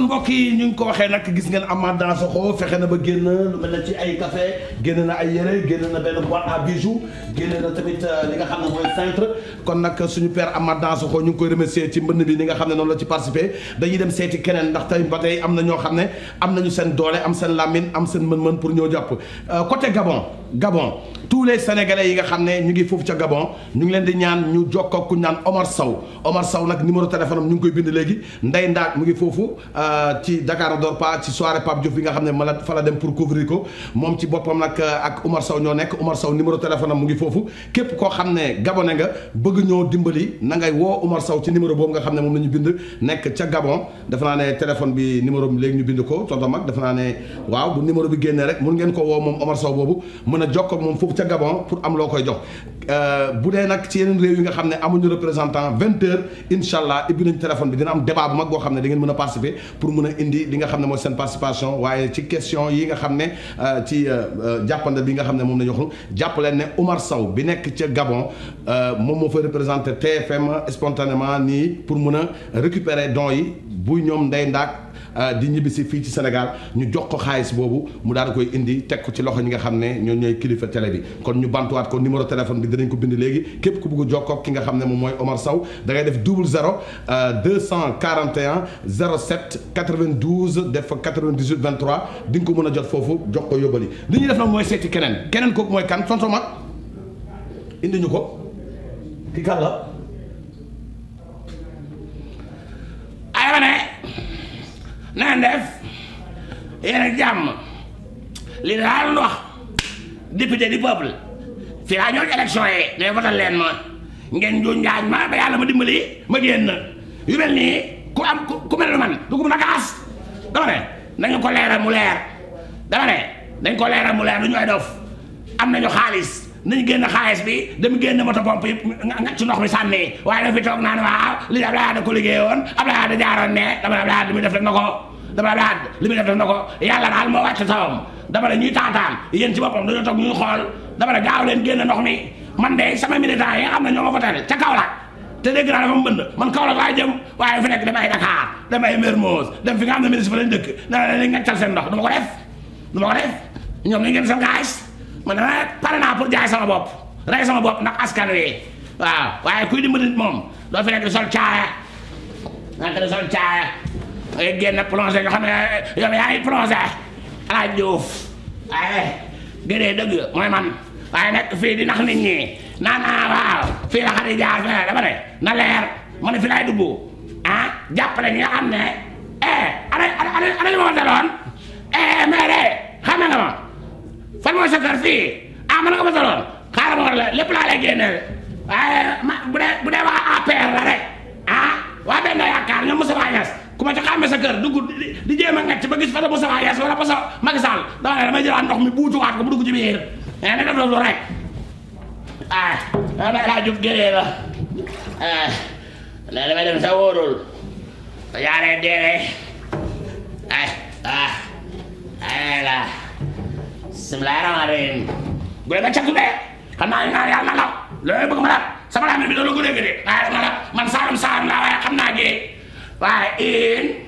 kon mbokk yi ñu ngi ko waxee nag gis ngeen Amath Dansokho fexe na ba génn lu mel ay café génn na ay yére génn na benn boîte tamit euh, li nga kon nag suñu père Amath Dansokho ñu ngi koy remercier ci mbënn bi ni nga xam ne noonu la ci participer dañuy dem seeti keneen ndax tey ba tey am na ñoo xam ne am nañu seen doole am seen làmmiñ am seen mën-mën pour ñëw jàpp euh, côté Gabon Gabon tous les sénégalais yi nga xam ne ñu ngi foofu ca Gabon ñu ngi leen di ñaan ñu jokkoo ku ñaan Omar Sow Omar saw nag numéro téléphone ñu ngi koy bind léegi Ndey Ndaak mu ngi foofu euh, ci Dakar ne dort pas ci soirée Pape Diouf bi nga xam ne ma la fa la dem pour couvrir ko moom ci boppam nag euh, ak Oumar Sow ñoo nekk Oumar saw numéro téléphone mu ngi foofu képp koo xam ne gabonais nga bëgg ñoo dimbali na ngay woo Oumar Sow ci numéro boobu nga xam ne moom la ñu bind nekk ca Gabon dafa naa ne téléphone bi numéro bi léegi ñu bind ko tonton mag dafa naa ne waaw bu numéro bi génnee rek mun ngeen ko woo moom Oumar Sow boobu mën a ko moom foofu ca Gabon pour am loo koy euh, bu dee nag ci yeneen réew yi nga xam ne amuñu représentant vingt heures incha allah ibbi nañ téléphone bi dina am débat bu mag ne da ngeen mën pour mun a indi li nga xam ne mooy seen participation waaye ci question yi nga xam ne euh, ci euh, euh, jàppande bi nga xam ne moom la ñu wax ne Omar Sow bi nekk ca Gabon moom moo fa représenté TFM spontanément nii pour mun a récupérer dons yi. bu ñoom nday ndaak euh, di ñibbisi fii ci Sénégal ñu jox ko xaalis boobu mu daal di koy indi teg ko ci loxo ñi nga xam ne ñoo ñooy kilifa télé bi kon ñu bantuwaat ko numéro téléphone bi dinañ ko bind léegi képp ku bëgg a jokkoo ki nga xam ne moom mooy Omar Sow da ngay def double zéro 241 07 92 def fa 98 23 di nga ko mën a jot foofu jox ko yóbbali li ñuy def nag mooy seeti keneen keneen kooku mooy kan Tonton Mat indi ko naa def yéen a jàmm li daal wax député du peuple fii laa ñëw élection yi day votal leen ma ngeen ju njaañ ma ba yàlla ma dimbali ma génn yu mel nii ku am ku mel man du ko mën a gaas dama ne nañu ko leeral mu ne dañ ko leeral mu leer du ñu dof am nañu xaalis nañu génn xaalis bi dem génn moto pompe yi nga ci ndox mi sànni waaye dafa fi toog naan waaw li Abdoulaye Wade ko liggéey woon Abdoulaye Wade jaaroon ne dama ne Abdoulaye Wade mi def rek na ko dama la àdd li muy def def na ko yàlla daal moo wàcc sawam dama la ñuy ci boppam dañoo toog ñuy xool dama la gaaw leen génn ndox mi man de sama militant yi nga xam ne ñoo ma fa tere ca Kaolack te dégg naa dafa mbënd man Kaolack laa jëm waaye fi nekk damay Dakar damay Mermoz dem fi nga xam ne ministre fa lañ dëkk dana la leen ngaccal seen ndox du ma ko def du ma ko def ñoom nañ ngeen seen gaas man dama pare naa pour jaay sama bopp rey sama bopp ndax askan wi waaw waaye kuy dangay génn plongé nga xam ne yow yaa ngi plongé alaaj Diouf waaye gënee dëgg mooy man waaye fii di nax nit ñi naan naa waaw fii la xarit jaar fee dama ne na leer ma ne fi laay dugg ah jàppale ñi nga xam ne eh ana ana ana li ma daloon eh mais de xam ma fan mooy sa kër fii ah man nga ma daloon xaaral ma war la lépp laa lay génneel waaye ma bu dee bu dee waa rek ah waa benn yaakaar ñoom Moussa Niass ku ma ci xàmme sa kër dugg di jéem a ngacc ba gis fa la Moustapha Niasse wala Moussa Macky Sall dama ne damay jëlaat eh, eh, eh, la ah mais damay dem sa wóorul ba jaaree deelee ah ah ayla bismillahi rahmaani rahim ba catu de xam ne naan yàlla na ma la sama laa waaye xam naa gee waaye in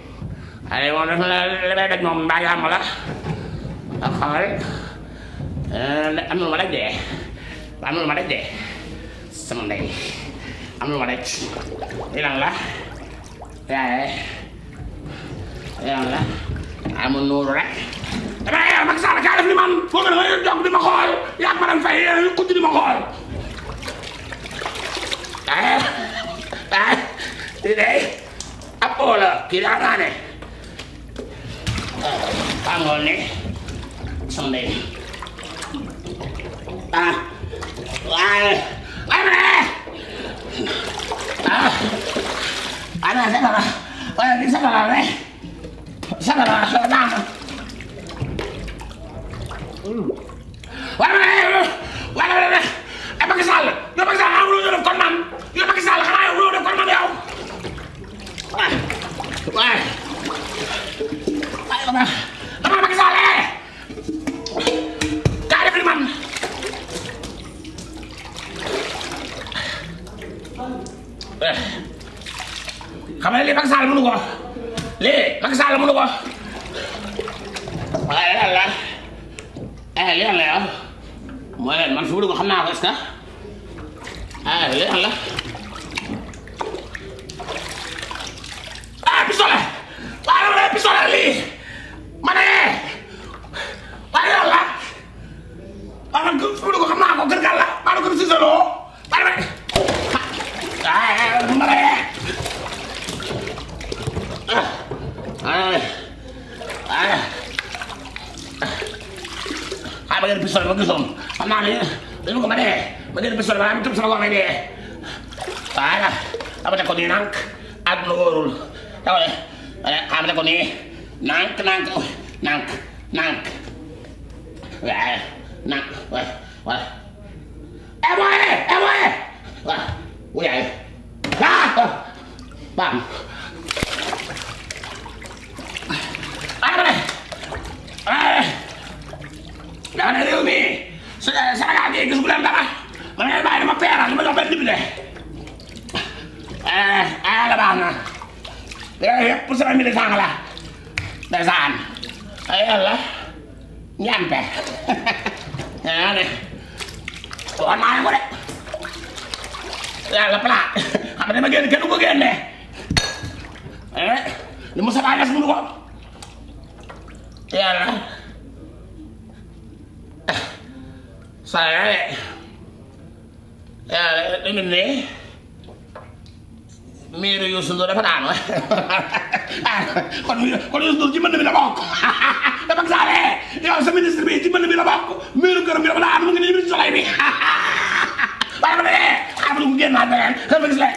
waaye moom dafa la li may daj moom la ak xool eh, am na lu ma daj dee am na lu ma daj dee sama ndey am na la yaaye lii lan rek dama yeew Macky Sall kaa def li man boo gën a di ma xool yaag ma dem fay yéen di ma xool waaye eh, waaye eh, lii day Ola, kiranane. Pangol ni. Sundin. Ah. Wal. Wal. Ah. Ana sa kala. Ana di sa kala ni. Sa kala sa kala. Wal. Wal. Wal. Apa kesal? waaye waaye dama dama Macky Sall kaa li man xam nga lii Macky Sall mënu ko lii Macky Sall mënu ko waaye lan la eh lii lan la yow man fi mu dugg ko est-ce que eh lii lan sol ba gisoon xam naa ne dañu ko ma dee ma génn pistol ba am tëb sama gox dee voilà dama teg ko nii nànk àdduna wóorul dawale dama teg ko nii nànk nànk nànk nànk waaye nànk waaye voilà émoyé émoyé waaw wuyaay ah baax sama militant la ndeysaan ay yàlla ñampe yaa ne war naa ne ko de yàlla plat xam nga dama génn kenn du ko génne eh, li mu sabaa des mënu ko yàlla saa yàlla yàlla dañu ne miiru Youssou Ndour dafa daanu kon kon Youssou Ndour ci mbënd mi la bokk dafa saale yow sa ministre bi ci mbënd mi la bokk miiru këram bi dafa daanu mu ngi nii ci soxla bi waaye ba léegi xaaral ko génn naa beneen xaaral ma gis la